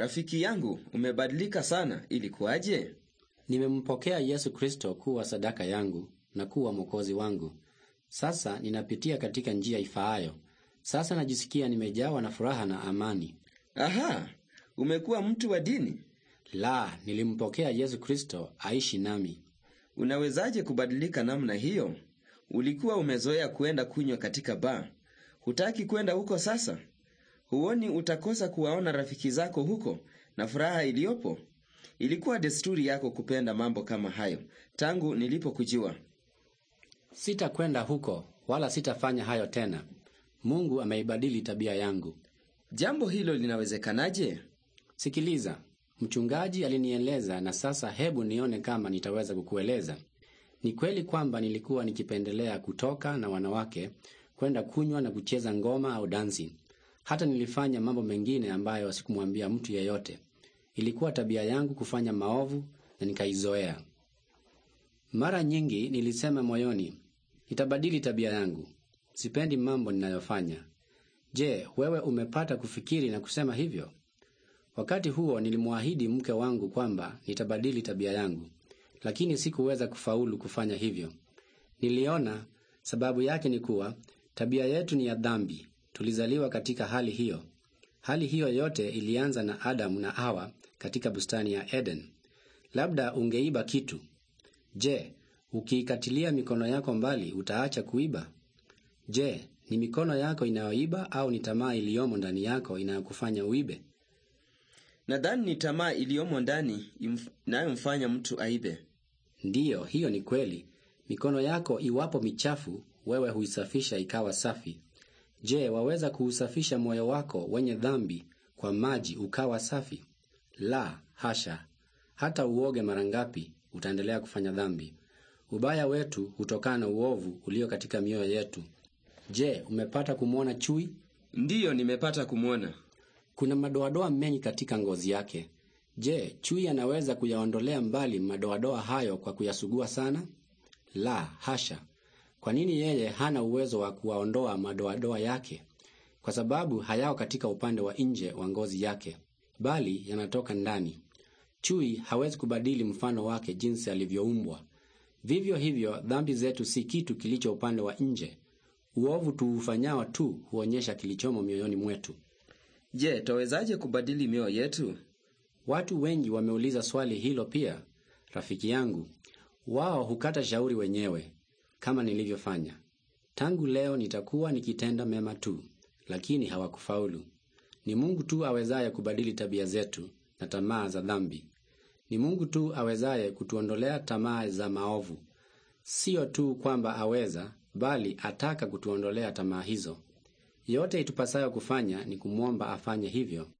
Rafiki yangu, umebadilika sana, ilikuwaje? Nimempokea Yesu Kristo kuwa sadaka yangu na kuwa mwokozi wangu. Sasa ninapitia katika njia ifaayo. Sasa najisikia nimejawa na furaha na amani. Aha, umekuwa mtu wa dini? La, nilimpokea Yesu Kristo aishi nami. Unawezaje kubadilika namna hiyo? Ulikuwa umezoea kuenda kunywa katika baa. Hutaki kwenda huko sasa? Huoni utakosa kuwaona rafiki zako huko na furaha iliyopo? Ilikuwa desturi yako kupenda mambo kama hayo tangu nilipokujua. Sitakwenda huko wala sitafanya hayo tena. Mungu ameibadili tabia yangu. Jambo hilo linawezekanaje? Sikiliza, mchungaji alinieleza na sasa hebu nione kama nitaweza kukueleza. Ni kweli kwamba nilikuwa nikipendelea kutoka na wanawake kwenda kunywa na kucheza ngoma au dansi. Hata nilifanya mambo mengine ambayo sikumwambia mtu yeyote. Ilikuwa tabia yangu kufanya maovu na nikaizoea. Mara nyingi nilisema moyoni, nitabadili tabia yangu. Sipendi mambo ninayofanya. Je, wewe umepata kufikiri na kusema hivyo? Wakati huo nilimwahidi mke wangu kwamba nitabadili tabia yangu, lakini sikuweza kufaulu kufanya hivyo. Niliona sababu yake ni kuwa tabia yetu ni ya dhambi Tulizaliwa katika hali hiyo. Hali hiyo yote ilianza na Adamu na Hawa katika bustani ya Eden. Labda ungeiba kitu. Je, ukiikatilia mikono yako mbali utaacha kuiba? Je, ni mikono yako inayoiba au ni tamaa iliyomo ndani yako inayokufanya uibe? Nadhani ni tamaa iliyomo ndani inayomfanya mtu aibe. Ndiyo, hiyo ni kweli. Mikono yako iwapo michafu, wewe huisafisha ikawa safi. Je, waweza kuusafisha moyo wako wenye dhambi kwa maji ukawa safi? La, hasha! Hata uoge mara ngapi, utaendelea kufanya dhambi. Ubaya wetu hutokana na uovu ulio katika mioyo yetu. Je, umepata kumwona chui? Ndiyo, nimepata kumwona. Kuna madoadoa mengi katika ngozi yake. Je, chui anaweza kuyaondolea mbali madoadoa hayo kwa kuyasugua sana? La, hasha! Kwa nini yeye hana uwezo wa kuwaondoa madoadoa yake? Kwa sababu hayao katika upande wa nje wa ngozi yake, bali yanatoka ndani. Chui hawezi kubadili mfano wake jinsi alivyoumbwa. Vivyo hivyo, dhambi zetu si kitu kilicho upande wa nje. Uovu tuufanyao tu huonyesha kilichomo mioyoni mwetu. Je, twawezaje kubadili mioyo yetu? Watu wengi wameuliza swali hilo pia, rafiki yangu. Wao hukata shauri wenyewe kama nilivyofanya. Tangu leo nitakuwa nikitenda mema tu, lakini hawakufaulu. Ni Mungu tu awezaye kubadili tabia zetu na tamaa za dhambi. Ni Mungu tu awezaye kutuondolea tamaa za maovu. Siyo tu kwamba aweza, bali ataka kutuondolea tamaa hizo. Yote itupasayo kufanya ni kumwomba afanye hivyo.